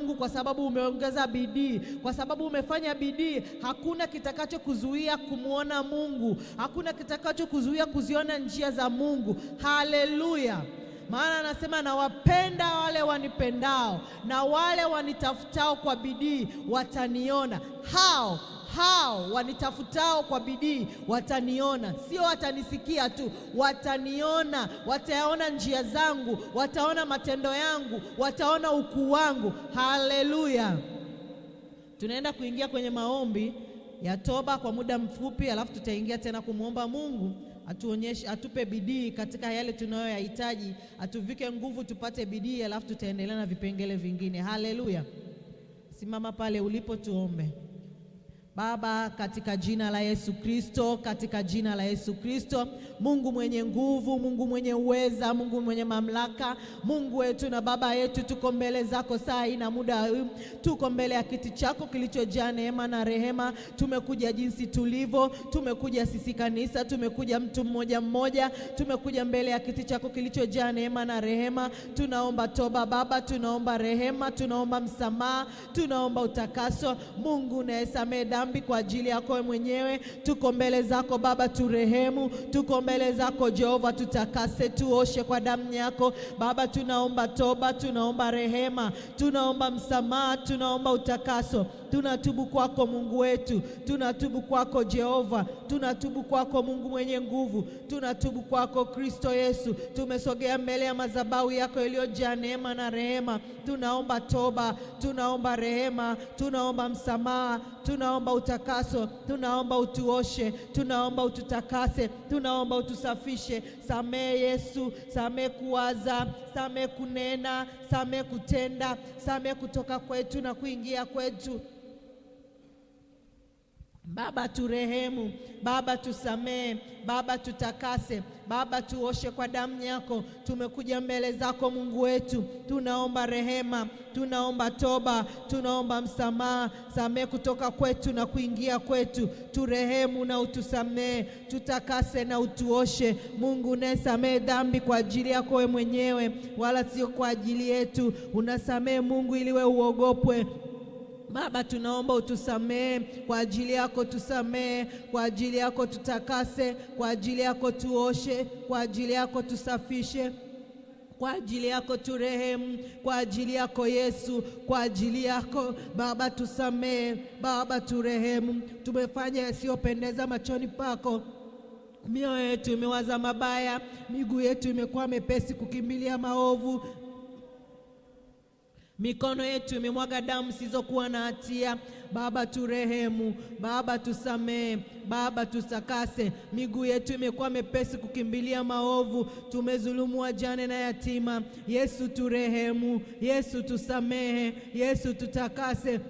Mungu kwa sababu umeongeza bidii, kwa sababu umefanya bidii, hakuna kitakachokuzuia kumwona Mungu, hakuna kitakachokuzuia kuziona njia za Mungu. Haleluya! Maana anasema nawapenda wale wanipendao, na wale wanitafutao kwa bidii wataniona hao hao wanitafutao kwa bidii wataniona, sio watanisikia tu, wataniona, wataona njia zangu, wataona matendo yangu, wataona ukuu wangu. Haleluya! Tunaenda kuingia kwenye maombi ya toba kwa muda mfupi, alafu tutaingia tena kumwomba Mungu atuonyeshe, atupe bidii katika yale tunayoyahitaji, atuvike nguvu tupate bidii, alafu tutaendelea na vipengele vingine. Haleluya! Simama pale ulipo tuombe. Baba, katika jina la Yesu Kristo, katika jina la Yesu Kristo, Mungu mwenye nguvu, Mungu mwenye uweza, Mungu mwenye mamlaka, Mungu wetu na Baba yetu, tuko mbele zako saa hii na muda huu, tuko mbele ya kiti chako kilichojaa neema na rehema. Tumekuja jinsi tulivyo, tumekuja sisi kanisa, tumekuja mtu mmoja mmoja, tumekuja mbele ya kiti chako kilichojaa neema na rehema. Tunaomba toba Baba, tunaomba rehema, tunaomba msamaha, tunaomba utakaso. Mungu unayesamehe dhambi kwa ajili yako mwenyewe. Tuko mbele zako Baba, turehemu. Tuko mbele zako Jehova, tutakase, tuoshe kwa damu yako Baba. Tunaomba toba, tunaomba rehema, tunaomba msamaha, tunaomba utakaso tunatubu kwako Mungu wetu, tunatubu kwako Jehova, tunatubu kwako Mungu mwenye nguvu, tunatubu kwako Kristo Yesu. Tumesogea mbele ya madhabahu yako iliyojaa neema na rehema, tunaomba toba, tunaomba rehema, tunaomba msamaha, tunaomba utakaso, tunaomba utuoshe, tunaomba ututakase, tunaomba utusafishe. Samehe Yesu, samehe kuwaza, samehe kunena, samehe kutenda, samehe kutoka kwetu na kuingia kwetu. Baba turehemu, Baba tusamehe, Baba tutakase, Baba tuoshe kwa damu yako. Tumekuja mbele zako Mungu wetu, tunaomba rehema, tunaomba toba, tunaomba msamaha. Samehe kutoka kwetu na kuingia kwetu, turehemu na utusamehe, tutakase na utuoshe. Mungu unayesamehe dhambi kwa ajili yako wewe mwenyewe, wala sio kwa ajili yetu. Unasamehe Mungu ili wewe uogopwe Baba, tunaomba utusamehe kwa ajili yako, tusamehe kwa ajili yako, tutakase kwa ajili yako, tuoshe kwa ajili yako, tusafishe kwa ajili yako turehemu, kwa ajili yako Yesu, kwa ajili yako Baba tusamehe, Baba turehemu. Tumefanya yasiyopendeza machoni pako, mioyo yetu imewaza mabaya, miguu yetu imekuwa mepesi kukimbilia maovu. Mikono yetu imemwaga damu zisizokuwa na hatia. Baba turehemu, Baba tusamehe, Baba tutakase. Miguu yetu imekuwa mepesi kukimbilia maovu, tumezulumu wajane na yatima. Yesu turehemu, Yesu tusamehe, Yesu tutakase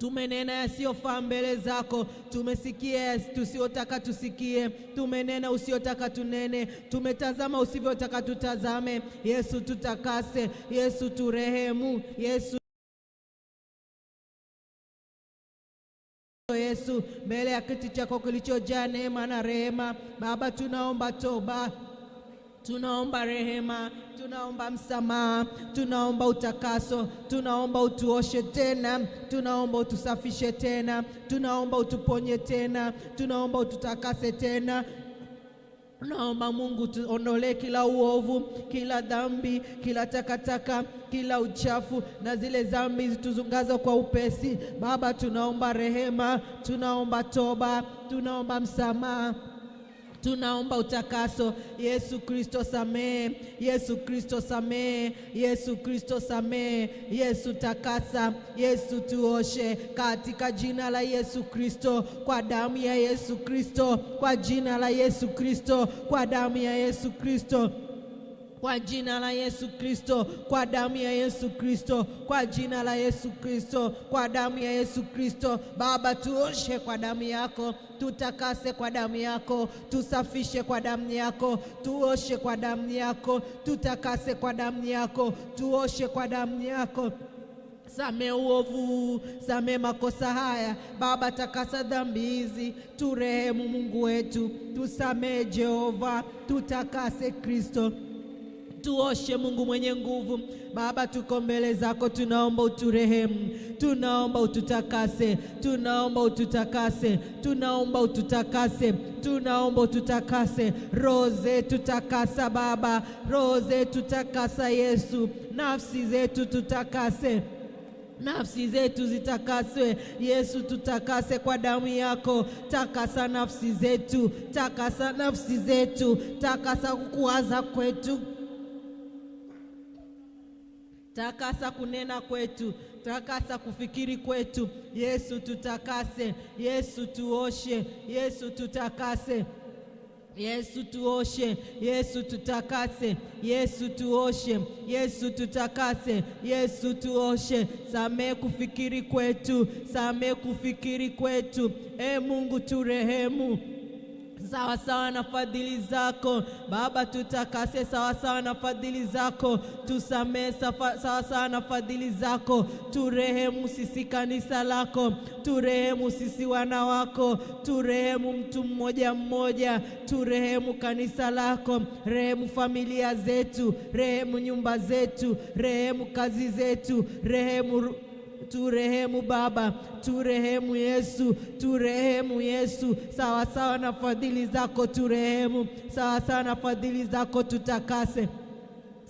Tumenena yasiyofaa mbele zako, tumesikia tusiotaka tusikie, tumenena usiotaka tunene, tumetazama usivyotaka tutazame. Yesu tutakase, Yesu turehemu, Yesu Yesu, mbele ya kiti chako kilichojaa neema na rehema, Baba tunaomba toba Tunaomba rehema, tunaomba msamaha, tunaomba utakaso, tunaomba utuoshe tena, tunaomba utusafishe tena, tunaomba utuponye tena, tunaomba ututakase tena. Naomba Mungu tuondolee kila uovu, kila dhambi, kila takataka, kila uchafu na zile dhambi zituzungaza kwa upesi. Baba, tunaomba rehema, tunaomba toba, tunaomba msamaha Tunaomba utakaso. Yesu Kristo samee Yesu Kristo samee Yesu Kristo samee Yesu takasa, Yesu tuoshe, katika jina la Yesu Kristo, kwa damu ya Yesu Kristo, kwa jina la Yesu Kristo, kwa damu ya Yesu Kristo kwa jina la Yesu Kristo, kwa damu ya Yesu Kristo, kwa jina la Yesu Kristo, kwa damu ya Yesu Kristo. Baba, tuoshe kwa damu yako, tutakase kwa damu yako, tusafishe kwa damu yako, tuoshe kwa damu yako, tutakase kwa damu yako, tuoshe kwa damu yako. Same uovu, same makosa haya Baba, takasa dhambi hizi, turehemu Mungu wetu, tusamee Jehova, tutakase Kristo Tuoshe Mungu mwenye nguvu. Baba, tuko mbele zako, tunaomba uturehemu, tunaomba ututakase, tunaomba ututakase, tunaomba ututakase, tunaomba ututakase. Roho zetu takasa Baba, roho zetu takasa Yesu, nafsi zetu tutakase nafsi zetu zitakaswe Yesu, tutakase kwa damu yako. Takasa nafsi zetu, takasa nafsi zetu, takasa kukuwaza kwetu takasa kunena kwetu, takasa kufikiri kwetu. Yesu tutakase, Yesu tuoshe, Yesu tutakase Yesu tuoshe, Yesu tutakase, Yesu tuoshe, Yesu tutakase, Yesu tuoshe. Samee kufikiri kwetu, samee kufikiri kwetu. E Mungu turehemu sawasawa na fadhili zako Baba, tutakase sawasawa na fadhili zako, tusamehe sawasawa na fadhili zako, turehemu sisi kanisa lako, turehemu sisi wana wako, turehemu mtu mmoja mmoja, turehemu kanisa lako, rehemu familia zetu, rehemu nyumba zetu, rehemu kazi zetu, rehemu turehemu Baba, turehemu Yesu, turehemu Yesu, sawasawa na fadhili zako turehemu, sawasawa na fadhili zako tutakase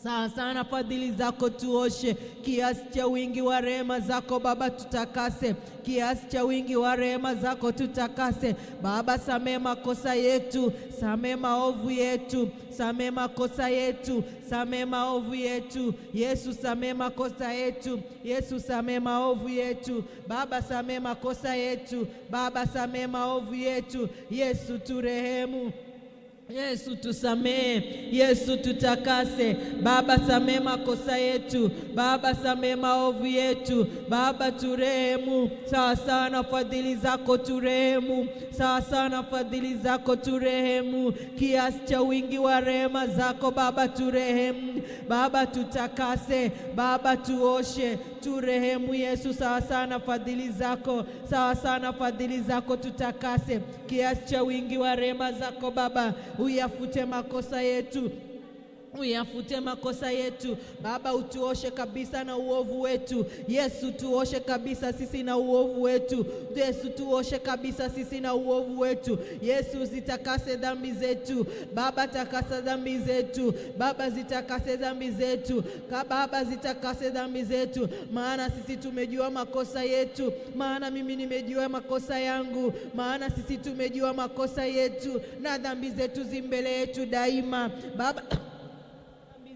Sawa sana fadhili zako tuoshe, kiasi cha wingi wa rehema zako Baba tutakase, kiasi cha wingi wa rehema zako tutakase. Baba samee makosa yetu, samee maovu yetu, samee makosa yetu, samee maovu yetu. Yesu samee makosa yetu, Yesu samee maovu yetu. Baba samee makosa yetu, Baba samee maovu yetu. Yesu turehemu. Yesu tusamehe, Yesu tutakase. Baba samehe makosa yetu, Baba samehe maovu yetu, Baba turehemu sawa sawa na fadhili zako, turehemu sawa sawa na fadhili zako, turehemu kiasi cha wingi wa rehema zako Baba, turehemu Baba, tutakase Baba, tuoshe, turehemu Yesu, sawa sana fadhili zako, sawa sana fadhili zako, tutakase kiasi cha wingi wa rehema zako Baba, uyafute makosa yetu uyafute makosa yetu Baba, utuoshe kabisa na uovu wetu. Yesu, tuoshe kabisa sisi na uovu wetu. Yesu, tuoshe kabisa sisi na uovu wetu. Yesu, zitakase dhambi zetu Baba, takasa dhambi zetu Baba, zitakase dhambi zetu Baba, zitakase dhambi zetu, maana sisi tumejua makosa yetu, maana mimi nimejua makosa yangu, maana sisi tumejua makosa yetu na dhambi zetu zimbele yetu daima Baba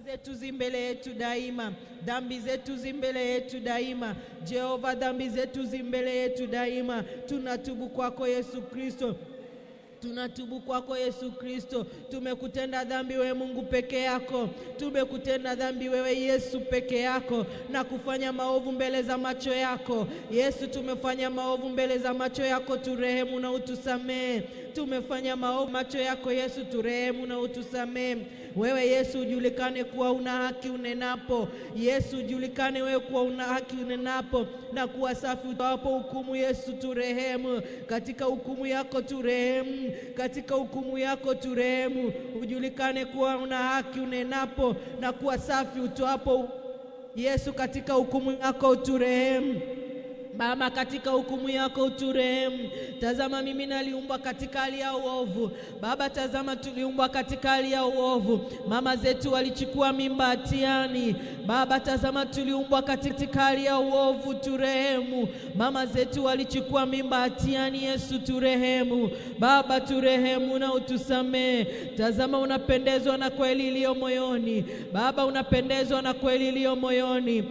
zetu zi mbele yetu daima, dhambi zetu zi mbele yetu daima. Jehova, dhambi zetu zi mbele yetu daima. Tunatubu kwako Yesu Kristo tunatubu kwako Yesu Kristo. Tumekutenda dhambi wewe Mungu peke yako, tumekutenda dhambi wewe Yesu peke yako, na kufanya maovu mbele za macho yako Yesu. Tumefanya maovu mbele za macho yako, turehemu na utusamehe tumefanya maovu macho yako Yesu, turehemu na utusamehe. Wewe Yesu ujulikane kuwa una haki unenapo. Yesu ujulikane wewe kuwa una haki unenapo na kuwa safi utawapo hukumu. Yesu turehemu, katika hukumu yako turehemu, katika hukumu yako turehemu. Ujulikane kuwa una haki unenapo na kuwa safi utawapo Yesu, katika hukumu yako turehemu Baba, katika hukumu yako uturehemu. Tazama, mimi naliumbwa katika hali ya uovu. Baba, tazama, tuliumbwa katika hali ya uovu. Mama zetu walichukua mimba hatiani. Baba, tazama, tuliumbwa katika hali ya uovu, turehemu. Mama zetu walichukua mimba hatiani. Yesu, turehemu. Baba, turehemu na utusamehe. Tazama, unapendezwa na kweli iliyo moyoni. Baba, unapendezwa na kweli iliyo moyoni.